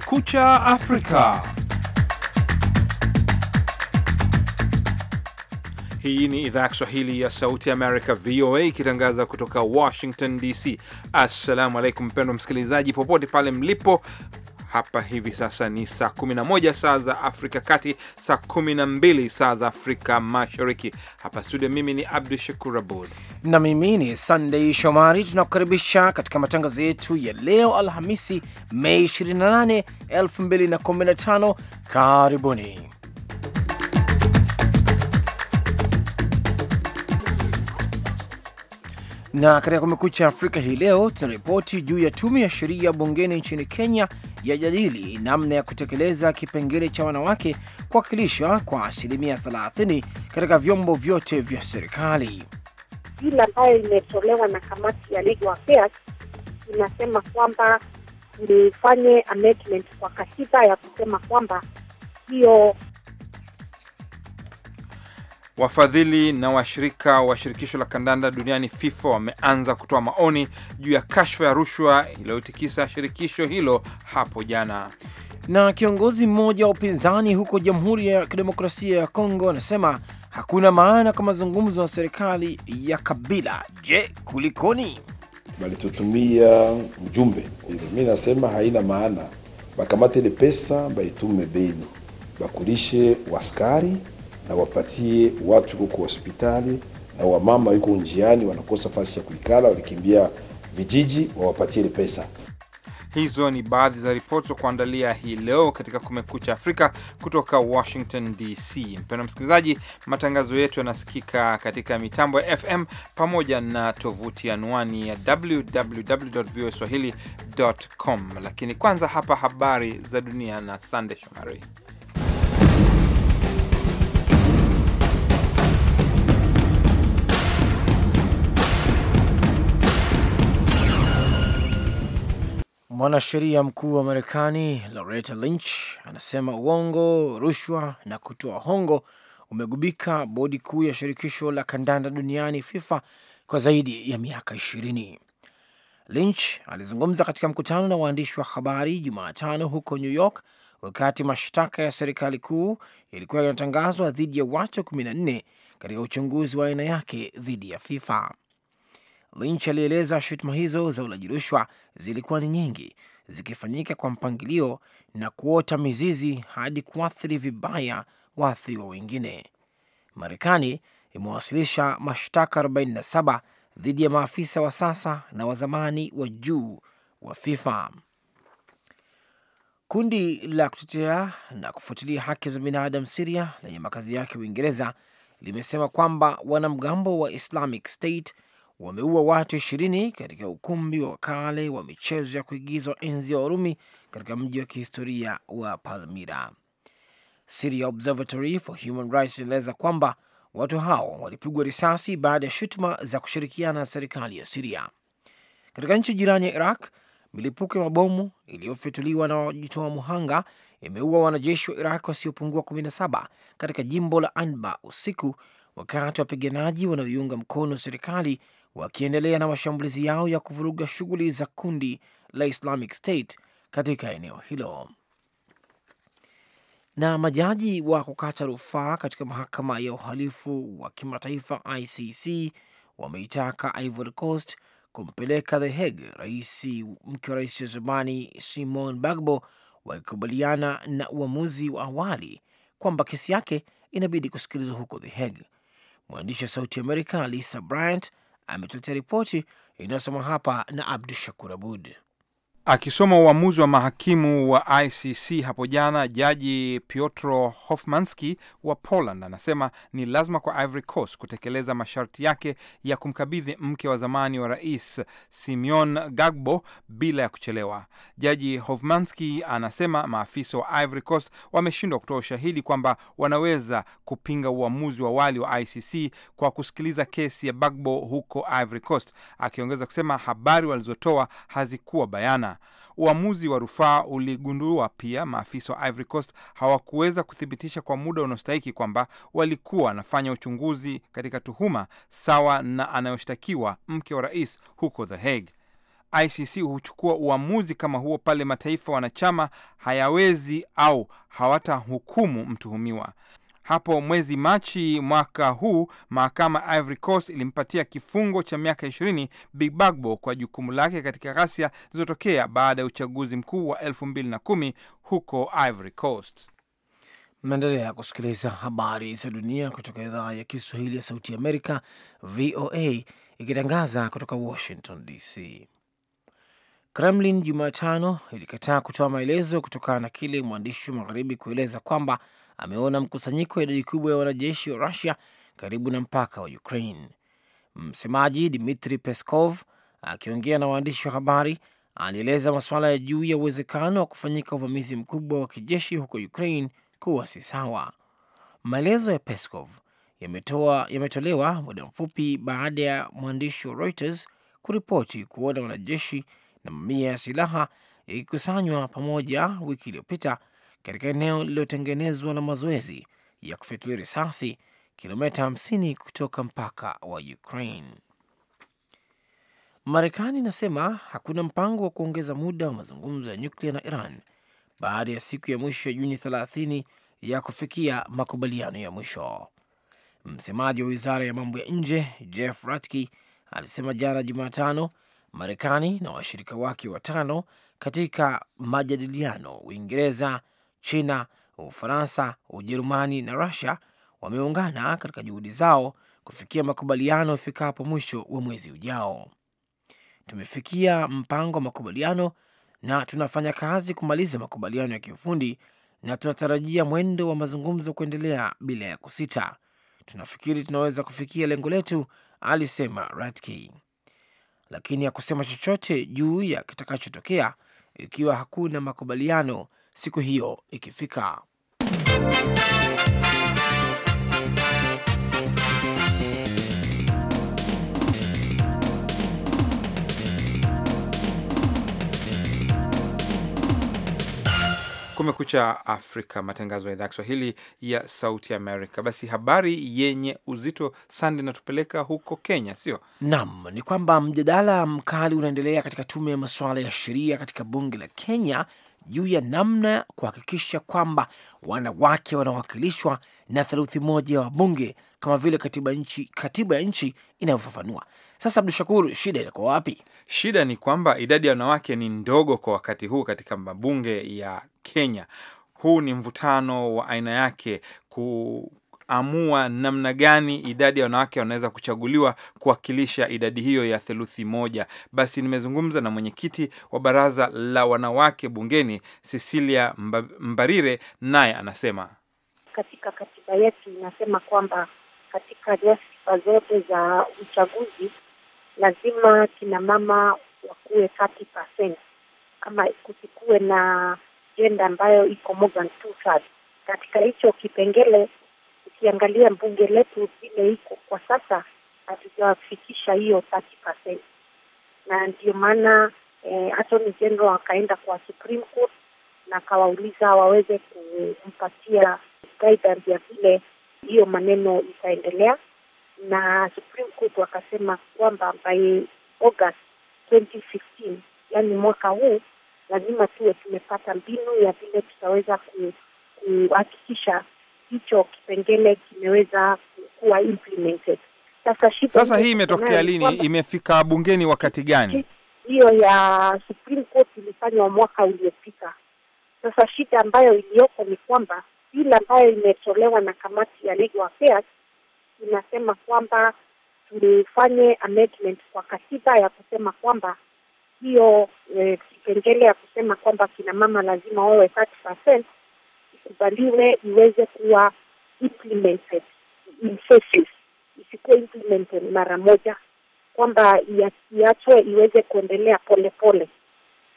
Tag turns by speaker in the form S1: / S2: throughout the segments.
S1: Kumekucha Afrika. Hii ni idhaa ya Kiswahili ya Sauti ya Amerika, VOA, ikitangaza kutoka Washington DC. Assalamu alaikum mpendwa msikilizaji, popote pale mlipo hapa hivi sasa ni saa 11 saa za Afrika Kati, saa 12 saa za Afrika Mashariki. Hapa studio, mimi
S2: ni Abdu Shakur Abud na mimi ni Sandei Shomari. Tunakukaribisha katika matangazo yetu ya leo Alhamisi, Mei 28, 2015. Karibuni. Na katika Kumekucha Afrika hii leo tunaripoti juu ya tume ya sheria bungeni nchini Kenya yajadili namna ya kutekeleza kipengele cha wanawake kuwakilishwa kwa asilimia 30 katika vyombo vyote vya serikali.
S3: Ile ambayo imetolewa na kamati ya Legal Affairs inasema kwamba ifanye amendment kwa katiba ya kusema kwamba hiyo
S1: Wafadhili na washirika wa shirikisho la kandanda duniani FIFA wameanza kutoa maoni juu ya kashfa ya rushwa iliyotikisa shirikisho hilo hapo jana.
S2: Na kiongozi mmoja wa upinzani huko Jamhuri ya Kidemokrasia ya Kongo anasema hakuna maana kwa mazungumzo na serikali ya Kabila. Je, kulikoni?
S4: balitutumia mjumbe, mi nasema haina maana, bakamate ile pesa baitume beni bakulishe waskari na wapatie watu huko hospitali na wamama yuko njiani wanakosa fasi ya kuikala, walikimbia vijiji, wawapatie ile pesa.
S1: Hizo ni baadhi za ripoti za kuandalia hii leo katika Kumekucha Afrika kutoka Washington DC. Mpendwa msikilizaji, matangazo yetu yanasikika katika mitambo ya FM pamoja na tovuti anwani ya www.voaswahili.com. Lakini kwanza hapa habari za dunia na Sande Shomari.
S2: Mwanasheria mkuu wa Marekani Loretta Lynch anasema uongo, rushwa na kutoa hongo umegubika bodi kuu ya shirikisho la kandanda duniani FIFA kwa zaidi ya miaka ishirini. Lynch alizungumza katika mkutano na waandishi wa habari Jumatano huko New York wakati mashtaka ya serikali kuu yalikuwa yanatangazwa dhidi ya watu 14 katika uchunguzi wa aina yake dhidi ya FIFA. Lynch alieleza shutuma hizo za ulaji rushwa zilikuwa ni nyingi, zikifanyika kwa mpangilio na kuota mizizi hadi kuathiri vibaya waathiriwa wengine. Marekani imewasilisha mashtaka 47 dhidi ya maafisa wa sasa na wa zamani wa juu wa FIFA. Kundi la kutetea na kufuatilia haki za binadamu Siria lenye makazi yake Uingereza limesema kwamba wanamgambo wa Islamic State wameua watu ishirini katika ukumbi wa kale wa michezo ya kuigizwa enzi ya Warumi katika mji wa kihistoria wa Palmira. Syria Observatory for Human Rights inaeleza kwamba watu hao walipigwa risasi baada ya shutuma za kushirikiana na serikali ya Siria. Katika nchi jirani ya Iraq, milipuko ya mabomu iliyofyatuliwa na wajitoa muhanga imeua wanajeshi wa Iraq wasiopungua 17 katika jimbo la Anba usiku, wakati wapiganaji wanaoiunga mkono serikali wakiendelea na mashambulizi yao ya kuvuruga shughuli za kundi la Islamic State katika eneo hilo. Na majaji wa kukata rufaa katika mahakama ya uhalifu wa kimataifa ICC wameitaka Ivory Coast kumpeleka The Hague rais mke wa rais wa zamani Simon Bagbo, wakikubaliana na uamuzi wa awali kwamba kesi yake inabidi kusikilizwa huko The Hague. Mwandishi wa Sauti Amerika Lisa Bryant ametuletea ripoti inayosoma hapa na Abdu Shakur Abud.
S1: Akisoma uamuzi wa mahakimu wa ICC
S2: hapo jana, jaji
S1: Piotro Hofmanski wa Poland anasema ni lazima kwa Ivory Coast kutekeleza masharti yake ya kumkabidhi mke wa zamani wa rais Simeon Gbagbo bila ya kuchelewa. Jaji Hofmanski anasema maafisa wa Ivory Coast wameshindwa kutoa ushahidi kwamba wanaweza kupinga uamuzi wa awali wa ICC kwa kusikiliza kesi ya Gbagbo huko Ivory Coast, akiongeza kusema habari walizotoa hazikuwa bayana. Uamuzi wa rufaa uligundua pia maafisa wa Ivory Coast hawakuweza kuthibitisha kwa muda unaostahiki kwamba walikuwa wanafanya uchunguzi katika tuhuma sawa na anayoshtakiwa mke wa rais huko The Hague. ICC huchukua uamuzi kama huo pale mataifa wanachama hayawezi au hawatahukumu mtuhumiwa. Hapo mwezi Machi mwaka huu mahakama Ivory Coast ilimpatia kifungo cha miaka Big Bagbo kwa jukumu lake katika ghasia zilizotokea baada ya uchaguzi mkuu wa kumi huko Ivory Coast.
S2: Mnaendelea kusikiliza habari za dunia kutoka idhaa ya Kiswahili ya Sauti ya Amerika, VOA, ikitangaza kutoka Washington DC. Kremlin Jumatano ilikataa kutoa maelezo kutokana na kile mwandishi wa magharibi kueleza kwamba ameona mkusanyiko wa idadi kubwa ya wanajeshi wa Rusia karibu na mpaka wa Ukraine. Msemaji Dmitri Peskov akiongea na waandishi wa habari alieleza masuala ya juu ya uwezekano wa kufanyika uvamizi mkubwa wa kijeshi huko Ukraine kuwa si sawa. Maelezo ya Peskov yametolewa ya muda mfupi baada ya mwandishi wa Reuters kuripoti kuona wanajeshi na mamia ya silaha ikikusanywa pamoja wiki iliyopita katika eneo lililotengenezwa na mazoezi ya kufyatulia risasi kilomita 50 kutoka mpaka wa Ukraine. Marekani inasema hakuna mpango wa kuongeza muda wa mazungumzo ya nyuklia na Iran baada ya siku ya mwisho ya Juni 30 ya kufikia makubaliano ya mwisho. Msemaji wa wizara ya mambo ya nje Jeff Ratke alisema jana Jumatano Marekani na washirika wake watano katika majadiliano Uingereza, China, Ufaransa, Ujerumani na Rusia wameungana katika juhudi zao kufikia makubaliano ifikapo mwisho wa mwezi ujao. Tumefikia mpango wa makubaliano na tunafanya kazi kumaliza makubaliano ya kiufundi na tunatarajia mwendo wa mazungumzo kuendelea bila ya kusita. Tunafikiri tunaweza kufikia lengo letu, alisema Ratke, lakini hakusema chochote juu ya kitakachotokea ikiwa hakuna makubaliano siku hiyo ikifika.
S1: Kumekucha Afrika, matangazo ya idhaa Kiswahili ya Sauti Amerika. Basi habari yenye uzito sande inatupeleka
S2: huko Kenya, sio nam? Ni kwamba mjadala mkali unaendelea katika tume ya masuala ya sheria katika bunge la Kenya juu ya namna ya kuhakikisha kwamba wanawake wanawakilishwa na theluthi moja ya wabunge kama vile katiba nchi, katiba ya nchi inavyofafanua. Sasa Abdu shakuru shida inakuwa wapi? Shida ni kwamba idadi ya wanawake
S1: ni ndogo kwa wakati huu katika mabunge ya Kenya. Huu ni mvutano wa aina yake ku amua namna gani idadi ya wanawake wanaweza kuchaguliwa kuwakilisha idadi hiyo ya theluthi moja. Basi nimezungumza na mwenyekiti wa baraza la wanawake bungeni Cecilia Mbarire, naye anasema
S3: katika katiba yetu inasema kwamba katika nyadhifa zote za uchaguzi lazima kina mama wakuwe 30%, kusikuwe na jenda ambayo iko more than two thirds. Katika hicho kipengele ukiangalia bunge letu vile iko kwa sasa, hatujafikisha hiyo 30%, na ndio maana eh, atoni general akaenda kwa Supreme Court na akawauliza waweze kumpatia guidance ya vile hiyo maneno itaendelea, na Supreme Court wakasema kwamba by August 2015, yani mwaka huu lazima tuwe tumepata mbinu ya vile tutaweza kuhakikisha hicho kipengele kimeweza kuwa implemented. Sasa, sasa hii imetokea lini?
S1: Imefika bungeni wakati gani?
S3: Hiyo ya Supreme Court ilifanywa mwaka uliopita. Sasa shida ambayo iliyoko ni kwamba bila ambayo imetolewa na kamati ya Legal Affairs inasema kwamba tufanye amendment kwa katiba ya kusema kwamba hiyo eh, kipengele ya kusema kwamba kina mama lazima wawe 30% ikubaliwe iweze kuwa implemented in phases, isikuwe implemented mara moja, kwamba iachwe iweze kuendelea polepole pole.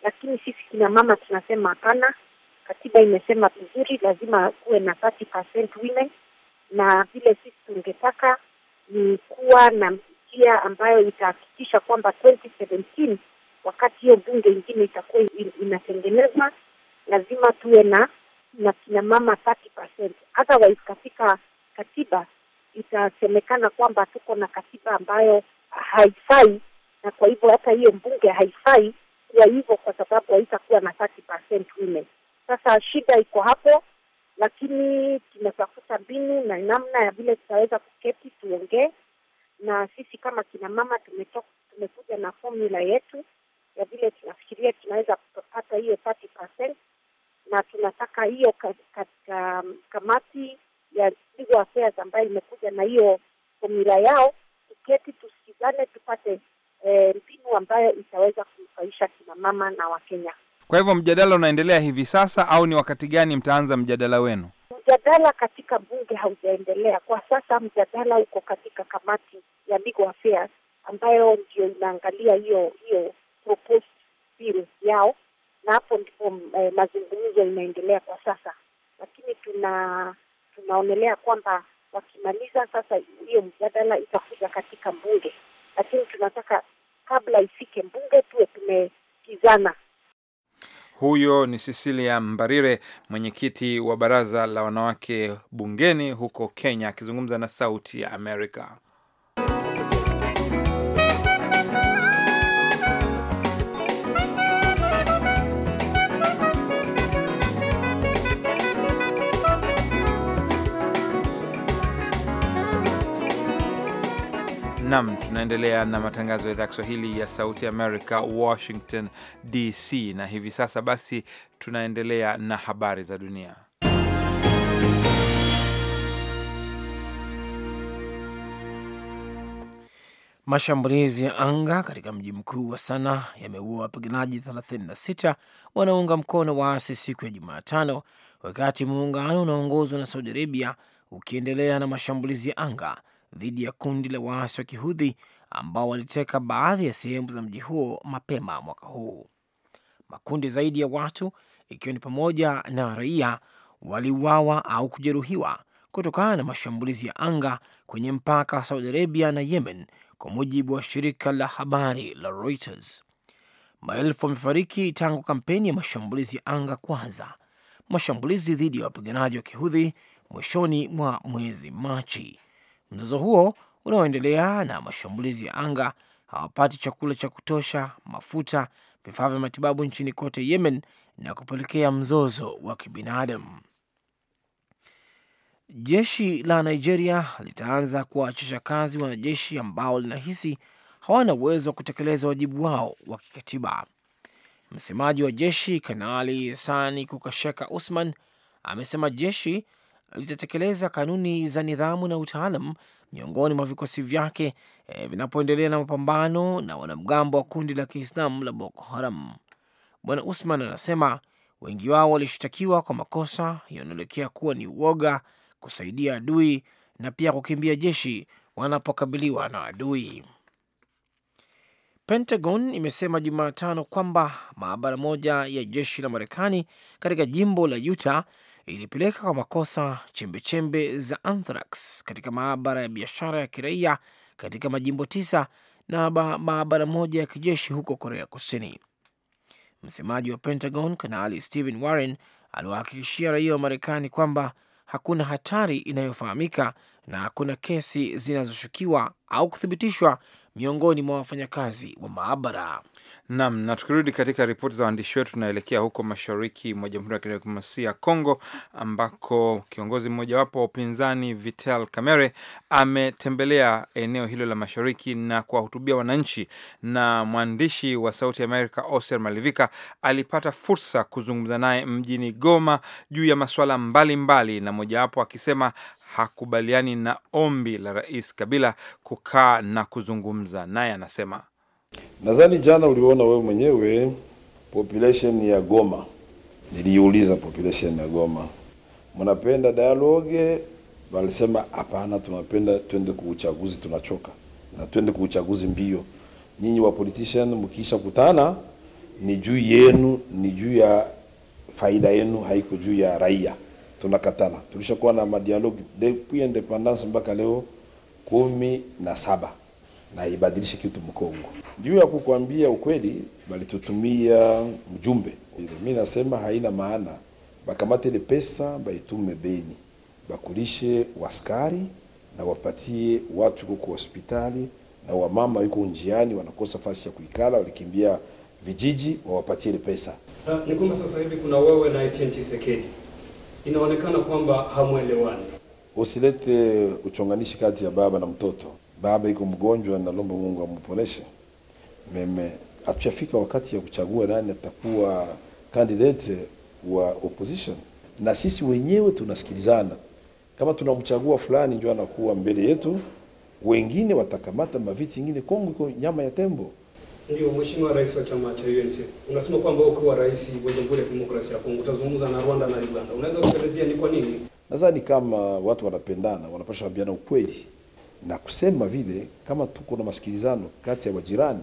S3: Lakini sisi kina mama tunasema hapana, katiba imesema vizuri, lazima kuwe na 30% women, na vile sisi tungetaka ni kuwa na njia ambayo itahakikisha kwamba 2017 wakati hiyo bunge ingine itakuwa inatengenezwa, lazima tuwe na na kina mama 30%. Otherwise, katika katiba itasemekana kwamba tuko na katiba ambayo haifai, na kwa hivyo hata hiyo mbunge haifai kuwa hivyo, kwa sababu haitakuwa na 30% women. Sasa shida iko hapo, lakini tunatafuta mbinu na namna ya vile tutaweza kuketi tuongee, na sisi kama kina mama na Wakenya.
S1: Kwa hivyo mjadala unaendelea hivi sasa, au ni wakati gani mtaanza mjadala wenu?
S3: Mjadala katika bunge haujaendelea kwa sasa. Mjadala uko katika kamati ya legal affairs ambayo ndio inaangalia hiyo hiyo proposed bill yao, na hapo ndipo eh, mazungumzo inaendelea kwa sasa, lakini tuna tunaonelea kwamba wakimaliza sasa hiyo mjadala itakuja katika bunge, lakini tunataka kabla ifike bunge tuwe tume jana.
S1: Huyo ni Cecilia Mbarire, mwenyekiti wa baraza la wanawake bungeni huko Kenya, akizungumza na Sauti ya Amerika. Nam, tunaendelea na matangazo ya idhaa Kiswahili ya Sauti Amerika, Washington DC, na hivi sasa basi tunaendelea na habari za dunia.
S2: Mashambulizi ya anga katika mji mkuu wa Sana yameua wapiganaji 36 wanaunga mkono waasi siku ya Jumatano, wakati muungano unaoongozwa na Saudi Arabia ukiendelea na mashambulizi ya anga dhidi ya kundi la waasi wa kihudhi ambao waliteka baadhi ya sehemu za mji huo mapema mwaka huu. Makundi zaidi ya watu ikiwa ni pamoja na raia waliuawa au kujeruhiwa kutokana na mashambulizi ya anga kwenye mpaka wa Saudi Arabia na Yemen, kwa mujibu wa shirika la habari la Reuters. Maelfu wamefariki tangu kampeni ya mashambulizi ya anga kwanza, mashambulizi dhidi ya wapiganaji wa kihudhi mwishoni mwa mwezi Machi. Mzozo huo unaoendelea na mashambulizi ya anga, hawapati chakula cha kutosha, mafuta, vifaa vya matibabu nchini kote Yemen na kupelekea mzozo wa kibinadamu. Jeshi la Nigeria litaanza kuwaachisha kazi wanajeshi ambao linahisi hawana uwezo wa kutekeleza wajibu wao wa kikatiba. Msemaji wa jeshi Kanali Sani Kukasheka Usman amesema jeshi litatekeleza kanuni za nidhamu na utaalam miongoni mwa vikosi vyake e, vinapoendelea na mapambano na wanamgambo wa kundi la Kiislamu la Boko Haram. Bwana Usman anasema wengi wao walishtakiwa kwa makosa yanaelekea kuwa ni uoga, kusaidia adui na pia kukimbia jeshi wanapokabiliwa na adui. Pentagon imesema Jumatano kwamba maabara moja ya jeshi la Marekani katika jimbo la Utah ilipeleka kwa makosa chembechembe za anthrax katika maabara ya biashara ya kiraia katika majimbo tisa na maabara moja ya kijeshi huko Korea Kusini. Msemaji wa Pentagon Kanali Stephen Warren aliwahakikishia raia wa Marekani kwamba hakuna hatari inayofahamika na hakuna kesi zinazoshukiwa au kuthibitishwa miongoni mwa wafanyakazi wa maabara. Nam na tukirudi katika ripoti
S1: za waandishi wetu, tunaelekea huko mashariki mwa Jamhuri ya Kidemokrasia ya Kongo ambako kiongozi mmojawapo wa upinzani Vital Kamerhe ametembelea eneo hilo la mashariki na kuwahutubia wananchi, na mwandishi wa Sauti Amerika Oser Malivika alipata fursa kuzungumza naye mjini Goma juu ya masuala mbalimbali, na mojawapo akisema hakubaliani na ombi la Rais Kabila kukaa na kuzungumza naye, anasema
S4: Nadhani jana uliona wewe mwenyewe population ya Goma, niliuliza population ya Goma, mnapenda dialogue? Walisema hapana, tunapenda twende uchaguzi, tunachoka na twende uchaguzi mbio. Nyinyi wa politician mkiisha kutana ni juu yenu, ni juu ya faida yenu, haiko juu ya raia. Tunakatana. Tulishakuwa na madialogue depuis independence mpaka leo kumi na saba na ibadilishe kitu Mkongo. Juu ya kukuambia ukweli, balitutumia mjumbe, mi nasema haina maana bakamate ile pesa baitume Beni bakulishe waskari na wapatie watu huko kwa hospitali na wamama yuko njiani wanakosa fasi ya kuikala, walikimbia vijiji, wawapatie ile pesa.
S1: Ni kama sasa hivi kuna wewe na Etienne Tshisekedi, inaonekana kwamba hamwelewani.
S4: Usilete uchonganishi kati ya baba na mtoto baba iko mgonjwa, nalomba Mungu amuponeshe. Meme atujafika wakati ya kuchagua nani atakuwa candidate wa opposition, na sisi wenyewe tunasikilizana. Kama tunamchagua fulani, ndio anakuwa mbele yetu, wengine watakamata maviti ingine. Kongo iko nyama ya tembo.
S1: Ndio Mheshimiwa Rais wa chama cha UNC, unasema kwamba ukiwa rais wa Jamhuri ya Demokrasia ya Kongo utazungumza na Rwanda na Uganda, unaweza kuelezea ni kwa nini?
S4: Nadhani kama watu wanapendana, wanapasha ambiana ukweli na kusema vile kama tuko na masikilizano kati ya wajirani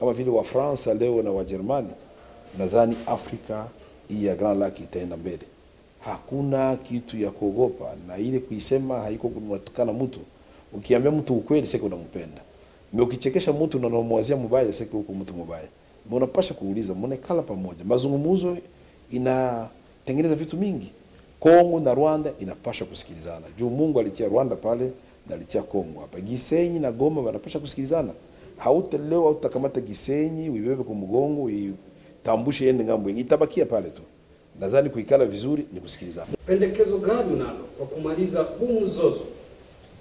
S4: kama vile wa Fransa leo na Wajerumani, nadhani Afrika hii ya Grand Lake itaenda mbele. Hakuna kitu ya kuogopa, na ile kuisema haiko kumtukana mtu. Ukiambia mtu ukweli, sasa unampenda ukichekesha mtu na unamwazia mubaya, sasa huko mtu mubaya, unapasha kuuliza, mnekala pamoja. Mazungumzo inatengeneza vitu mingi. Kongo na Rwanda inapasha kusikilizana juu Mungu alitia Rwanda pale nalitia Kongo hapa Gisenyi na Goma wanapasha kusikilizana. Hauta leo hautakamata Gisenyi uibebe kwa mgongo uitambushe yende ngambo yenyewe, itabakia pale tu. Nadhani kuikala vizuri ni kusikilizana. Pendekezo gani unalo
S1: kwa kumaliza huu mzozo,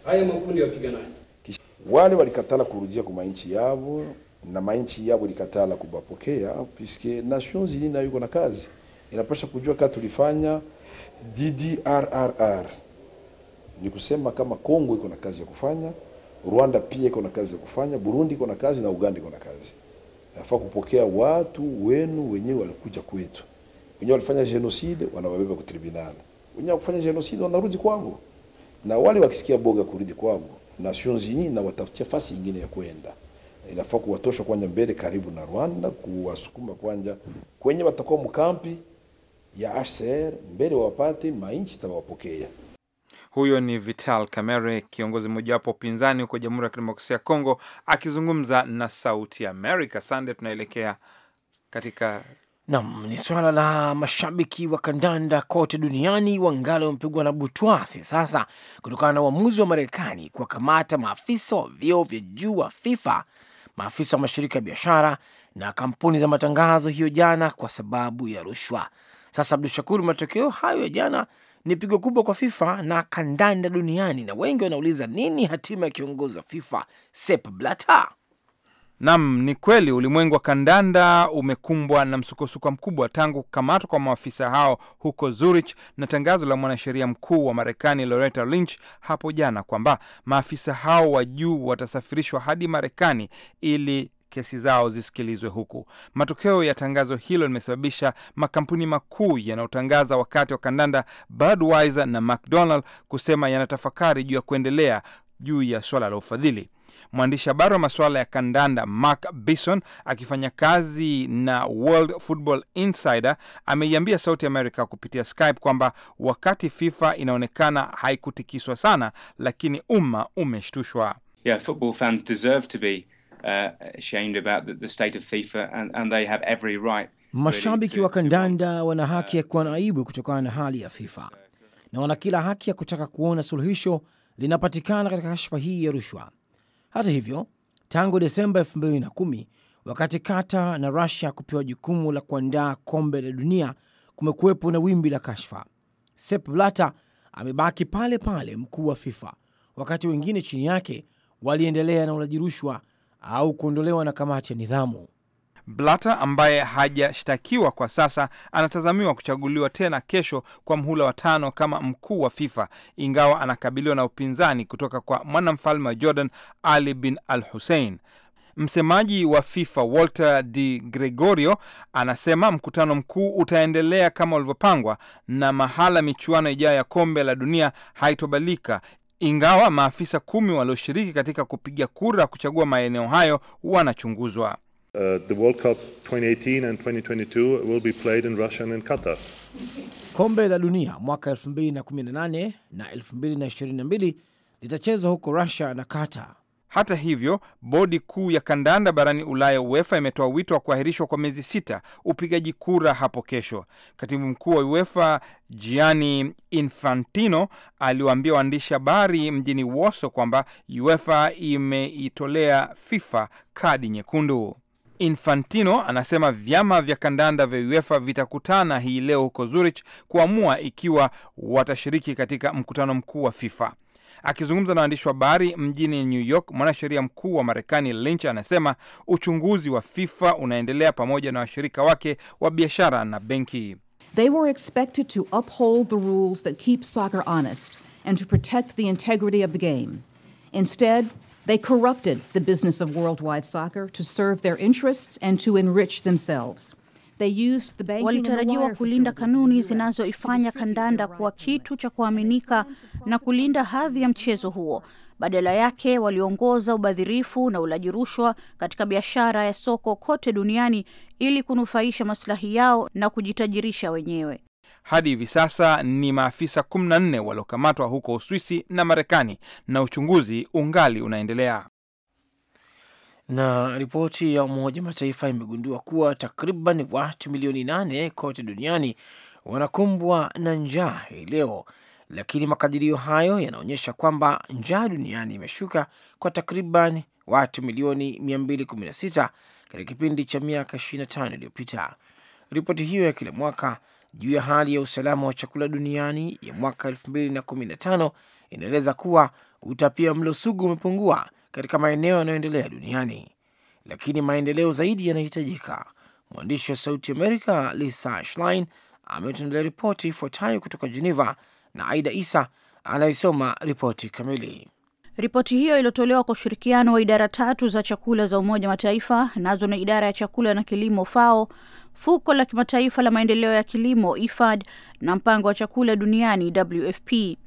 S1: haya makundi ya wapiganaji?
S4: Wale walikatala kurudia kwa mainchi yao na mainchi yao likatala kubapokea, puisque nation zilina yuko na kazi inapasha kujua kama tulifanya DDRRR ni kusema kama Kongo iko na kazi ya kufanya, Rwanda pia iko na kazi ya kufanya, Burundi iko na kazi na Uganda iko na kazi. Nafaa kupokea watu wenu wenyewe walikuja kwetu, wenyewe walifanya genocide, wanawabeba kwa tribunal, wenyewe wakufanya genocide, wanarudi kwangu, na wale wakisikia boga kurudi kwao, Nations Unies na watafutia fasi nyingine ya kwenda inafaa kuwatosha kwanja mbele karibu na Rwanda, kuwasukuma kwanja kwenye watakuwa mkampi ya HCR mbele wapate mainchi tawapokea.
S1: Huyo ni Vital Kamerhe, kiongozi mmojawapo upinzani huko Jamhuri ya Kidemokrasia ya Kongo, akizungumza na Sauti Amerika. Sande, tunaelekea katika
S2: Nam ni swala la mashabiki wa kandanda kote duniani wangali wamepigwa na butwasi sasa kutokana na uamuzi wa Marekani kuwakamata maafisa wa vyeo vya juu wa FIFA, maafisa wa mashirika ya biashara na kampuni za matangazo hiyo jana kwa sababu ya rushwa. Sasa Abdu Shakuru, matokeo hayo ya jana ni pigo kubwa kwa FIFA na kandanda duniani, na wengi wanauliza nini hatima ya kiongozi wa FIFA Sepp Blatter.
S1: Nam, ni kweli ulimwengu wa kandanda umekumbwa na msukosuko mkubwa tangu kukamatwa kwa maafisa hao huko Zurich na tangazo la mwanasheria mkuu wa Marekani Loretta Lynch hapo jana kwamba maafisa hao wa juu watasafirishwa hadi Marekani ili kesi zao zisikilizwe huku. Matokeo ya tangazo hilo limesababisha makampuni makuu yanayotangaza wakati wa kandanda Budweiser na McDonald kusema yanatafakari juu ya kuendelea juu ya swala la ufadhili. Mwandishi habari wa masuala ya kandanda Mark Bison akifanya kazi na World Football Insider ameiambia Sauti America kupitia Skype kwamba wakati FIFA inaonekana haikutikiswa sana, lakini umma umeshtushwa. Yeah, football fans deserve to be Uh, ashamed about the, the state of FIFA and, and they have every right.
S2: Mashabiki wa kandanda wana uh, haki ya kuwa na aibu kutokana na hali ya FIFA na wana kila haki ya kutaka kuona suluhisho linapatikana katika kashfa hii ya rushwa. Hata hivyo, tangu Desemba 2010 wakati Kata na Rusia kupewa jukumu la kuandaa kombe la dunia, kumekuwepo na wimbi la kashfa. Sepp Blatter amebaki pale pale mkuu wa FIFA, wakati wengine chini yake waliendelea na ulaji rushwa au kuondolewa na kamati ya nidhamu. Blata ambaye hajashtakiwa
S1: kwa sasa anatazamiwa kuchaguliwa tena kesho kwa mhula wa tano kama mkuu wa FIFA, ingawa anakabiliwa na upinzani kutoka kwa mwanamfalme wa Jordan Ali bin Al Hussein. Msemaji wa FIFA Walter de Gregorio anasema mkutano mkuu utaendelea kama ulivyopangwa, na mahala michuano ijayo ya kombe la dunia haitobalika ingawa maafisa kumi walioshiriki katika kupiga kura kuchagua maeneo hayo wanachunguzwa.
S3: Uh,
S2: kombe la dunia mwaka 2018 na 2022 litachezwa huko Russia na Qatar. Hata hivyo,
S1: bodi kuu ya kandanda barani Ulaya, UEFA, imetoa wito wa kuahirishwa kwa miezi sita upigaji kura hapo kesho. Katibu mkuu wa UEFA Gianni Infantino aliwaambia waandishi habari mjini woso kwamba UEFA imeitolea FIFA kadi nyekundu. Infantino anasema vyama vya kandanda vya UEFA vitakutana hii leo huko Zurich kuamua ikiwa watashiriki katika mkutano mkuu wa FIFA. Akizungumza na waandishi wa habari mjini New York, mwanasheria mkuu wa Marekani Lynch anasema uchunguzi wa FIFA unaendelea pamoja na washirika wake wa biashara na benki. They were expected to uphold the rules that keep soccer honest and to protect the integrity of the game. Instead, they corrupted the business of worldwide soccer to serve their interests and to enrich themselves.
S5: Walitarajiwa kulinda kanuni zinazoifanya kandanda kuwa kitu cha kuaminika na kulinda hadhi ya mchezo huo. Badala yake waliongoza ubadhirifu na ulaji rushwa katika biashara ya soko kote duniani ili kunufaisha maslahi yao na kujitajirisha wenyewe.
S1: Hadi hivi sasa ni maafisa 14 waliokamatwa
S2: huko Uswisi na Marekani na uchunguzi ungali unaendelea. Na ripoti ya Umoja Mataifa imegundua kuwa takriban watu milioni nane kote duniani wanakumbwa na njaa hii leo, lakini makadirio hayo yanaonyesha kwamba njaa duniani imeshuka kwa takriban watu milioni 216 katika kipindi cha miaka 25 iliyopita. Ripoti hiyo ya kila mwaka juu ya hali ya usalama wa chakula duniani ya mwaka 2015 inaeleza kuwa utapia mlo sugu umepungua katika maeneo yanayoendelea duniani, lakini maendeleo zaidi yanahitajika. Mwandishi wa Sauti Amerika Lisa Schlein ametuandalia ripoti ifuatayo kutoka Geneva na Aida Isa anayesoma ripoti kamili.
S5: Ripoti hiyo iliyotolewa kwa ushirikiano wa idara tatu za chakula za Umoja Mataifa, nazo na idara ya chakula na kilimo FAO, fuko la kimataifa la maendeleo ya kilimo IFAD na mpango wa chakula duniani WFP.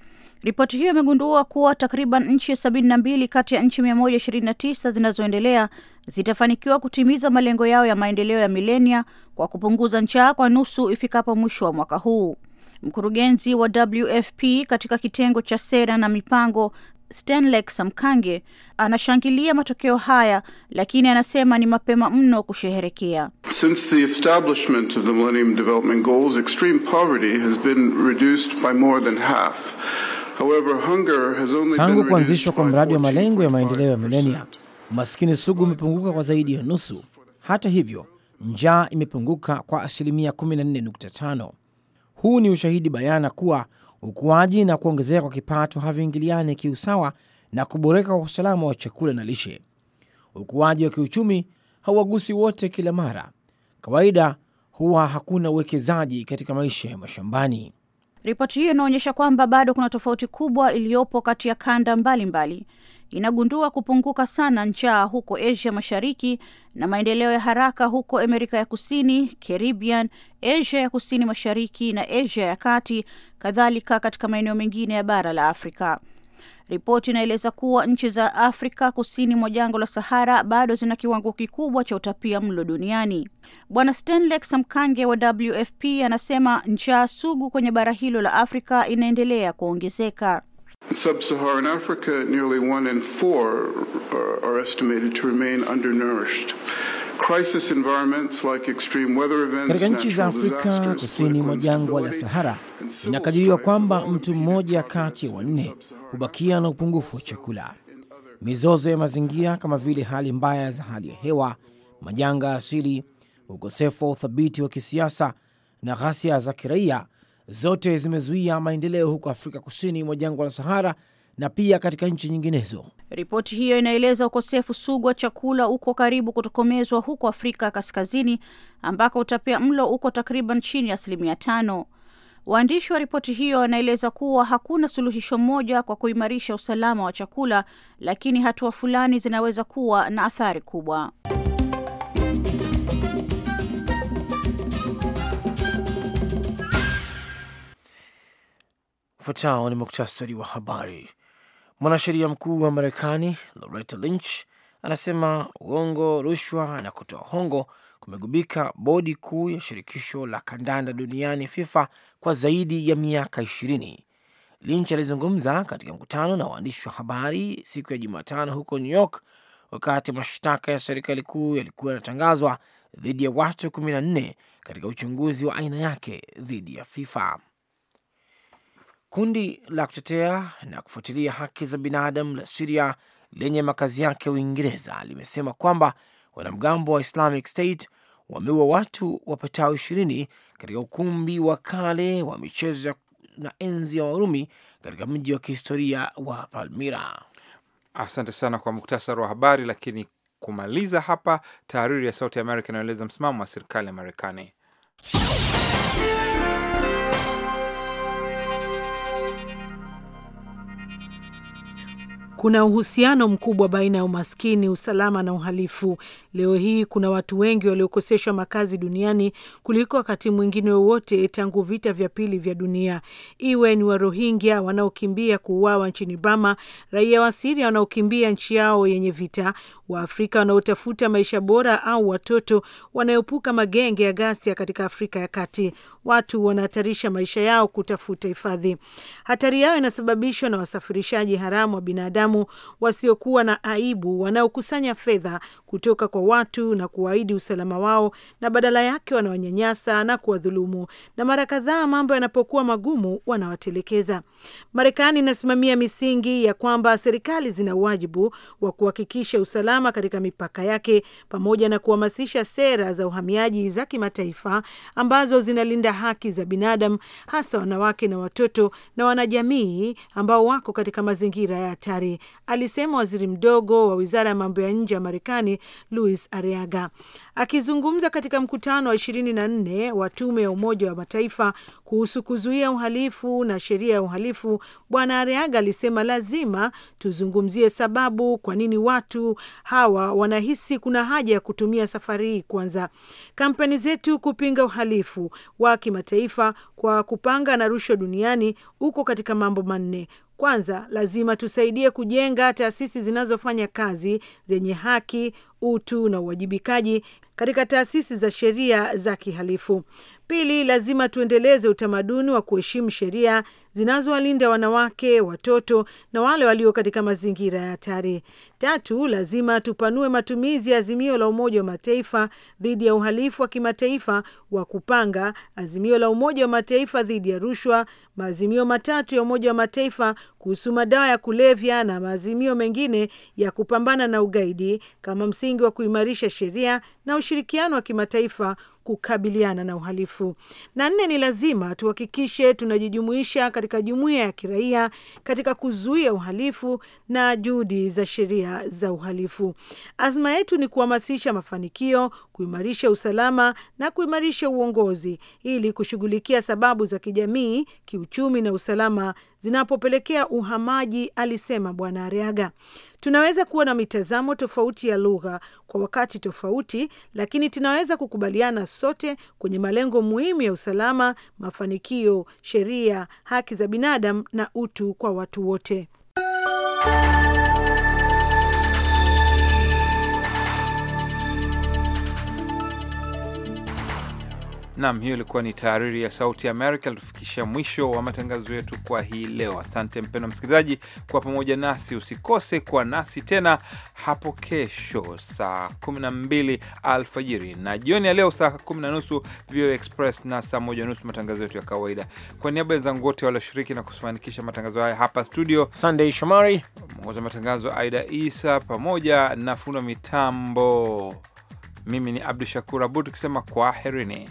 S5: Ripoti hiyo imegundua kuwa takriban nchi 72 kati ya nchi 129 zinazoendelea zitafanikiwa kutimiza malengo yao ya maendeleo ya milenia kwa kupunguza njaa kwa nusu ifikapo mwisho wa mwaka huu. Mkurugenzi wa WFP katika kitengo cha sera na mipango Stanlek Samkange anashangilia matokeo haya, lakini anasema ni mapema mno kusheherekea
S1: Since the establishment of the Millennium Development Goals, extreme poverty has been reduced by more than half. Tangu kuanzishwa
S2: kwa mradi wa malengo ya maendeleo ya milenia, umaskini sugu umepunguka kwa zaidi ya nusu. Hata hivyo, njaa imepunguka kwa asilimia 14.5. Huu ni ushahidi bayana kuwa ukuaji na kuongezeka kwa kipato haviingiliani kiusawa na kuboreka kwa usalama wa chakula na lishe. Ukuaji wa kiuchumi hauwagusi wote kila mara. Kawaida huwa hakuna uwekezaji katika maisha ya mashambani.
S5: Ripoti hiyo inaonyesha kwamba bado kuna tofauti kubwa iliyopo kati ya kanda mbalimbali mbali. Inagundua kupunguka sana njaa huko Asia Mashariki na maendeleo ya haraka huko Amerika ya Kusini, Caribbean, Asia ya Kusini Mashariki na Asia ya Kati, kadhalika katika maeneo mengine ya bara la Afrika. Ripoti inaeleza kuwa nchi za Afrika kusini mwa jangwa la Sahara bado zina kiwango kikubwa cha utapia mlo duniani. Bwana Stanley Samkange wa WFP anasema njaa sugu kwenye bara hilo la Afrika inaendelea kuongezeka.
S1: Sub-Saharan Africa, nearly one in four uh, are estimated to remain undernourished. Katika nchi za Afrika
S2: kusini mwa jangwa la Sahara, inakadiriwa kwamba mtu mmoja kati ya wanne hubakia na upungufu wa chakula. Mizozo ya mazingira kama vile hali mbaya za hali ya hewa, majanga ya asili, ukosefu wa uthabiti wa kisiasa na ghasia za kiraia, zote zimezuia maendeleo huko Afrika kusini mwa
S5: jangwa la Sahara na pia katika nchi nyinginezo. Ripoti hiyo inaeleza ukosefu sugu wa chakula uko karibu kutokomezwa huko Afrika Kaskazini, ambako utapia mlo uko takriban chini ya asilimia tano. Waandishi wa ripoti hiyo wanaeleza kuwa hakuna suluhisho moja kwa kuimarisha usalama wa chakula, lakini hatua fulani zinaweza kuwa na athari kubwa.
S2: Ufuatao ni muktasari wa habari. Mwanasheria mkuu wa Marekani Loretta Lynch anasema uongo, rushwa na kutoa hongo kumegubika bodi kuu ya shirikisho la kandanda duniani FIFA kwa zaidi ya miaka ishirini. Lynch alizungumza katika mkutano na waandishi wa habari siku ya Jumatano huko New York wakati mashtaka ya serikali kuu yalikuwa yanatangazwa dhidi ya watu na nne katika uchunguzi wa aina yake dhidi ya FIFA. Kundi la kutetea na kufuatilia haki za binadamu la Siria lenye makazi yake Uingereza limesema kwamba wanamgambo wa Islamic State wameua watu wapatao ishirini katika ukumbi wa kale wa michezo na enzi ya Warumi katika mji wa kihistoria wa Palmira. Asante sana kwa muktasari wa habari. Lakini
S1: kumaliza hapa, tahariri ya Sauti ya Amerika inayoeleza msimamo wa serikali ya Marekani.
S6: kuna uhusiano mkubwa baina ya umaskini, usalama na uhalifu, Leo hii kuna watu wengi waliokoseshwa makazi duniani kuliko wakati mwingine wowote tangu vita vya pili vya dunia, iwe ni Warohingya wanaokimbia kuuawa nchini Burma, raia wa Siria wanaokimbia nchi yao yenye vita, Waafrika wanaotafuta maisha bora, au watoto wanaepuka magenge ya ghasia katika Afrika ya Kati. Watu wanahatarisha maisha yao kutafuta hifadhi. Hatari yao inasababishwa na wasafirishaji haramu wa binadamu wasiokuwa na aibu wanaokusanya fedha kutoka kwa watu na kuahidi usalama wao, na badala yake wanawanyanyasa na kuwadhulumu, na mara kadhaa mambo yanapokuwa magumu wanawatelekeza. Marekani inasimamia misingi ya kwamba serikali zina wajibu wa kuhakikisha usalama katika mipaka yake pamoja na kuhamasisha sera za uhamiaji za kimataifa ambazo zinalinda haki za binadamu, hasa wanawake na watoto na wanajamii ambao wako katika mazingira ya hatari, alisema waziri mdogo wa wizara ya mambo ya nje ya Marekani Luis Ariaga akizungumza katika mkutano wa ishirini na nne wa tume ya Umoja wa Mataifa kuhusu kuzuia uhalifu na sheria ya uhalifu. Bwana Ariaga alisema lazima tuzungumzie sababu kwa nini watu hawa wanahisi kuna haja ya kutumia safari hii kwanza kampeni zetu kupinga uhalifu wa kimataifa kwa kupanga na rushwa duniani uko katika mambo manne: kwanza lazima tusaidie kujenga taasisi zinazofanya kazi zenye haki, utu na uwajibikaji katika taasisi za sheria za kihalifu. Pili, lazima tuendeleze utamaduni wa kuheshimu sheria zinazowalinda wanawake, watoto na wale walio katika mazingira ya hatari. Tatu, lazima tupanue matumizi ya azimio la Umoja wa Mataifa dhidi ya uhalifu wa kimataifa wa kupanga, azimio la Umoja wa Mataifa dhidi ya rushwa, maazimio matatu ya Umoja wa Mataifa kuhusu madawa ya kulevya na maazimio mengine ya kupambana na ugaidi kama msingi wa kuimarisha sheria na ushirikiano wa kimataifa kukabiliana na uhalifu. Na nne, ni lazima tuhakikishe tunajijumuisha katika jumuiya ya kiraia katika kuzuia uhalifu na juhudi za sheria za uhalifu. Azma yetu ni kuhamasisha mafanikio, kuimarisha usalama na kuimarisha uongozi ili kushughulikia sababu za kijamii, kiuchumi na usalama zinapopelekea uhamaji, alisema Bwana Ariaga. Tunaweza kuwa na mitazamo tofauti ya lugha kwa wakati tofauti, lakini tunaweza kukubaliana sote kwenye malengo muhimu ya usalama, mafanikio, sheria, haki za binadamu na utu kwa watu wote.
S1: Nam, hiyo ilikuwa ni taariri ya Sauti ya Amerika ilitufikisha mwisho wa matangazo yetu kwa hii leo. Asante mpendwa msikilizaji kwa pamoja nasi, usikose kuwa nasi tena hapo kesho saa 12 alfajiri na jioni ya leo saa nusu VOA Express na saa nusu matangazo yetu ya kawaida. Kwa niaba ya wenzangu wote walioshiriki na kufanikisha matangazo haya hapa studio, Sandey Shomari mwongoza matangazo, Aida Isa pamoja na fundo mitambo, mimi ni Abdu Shakur Abud tukisema kwaherini.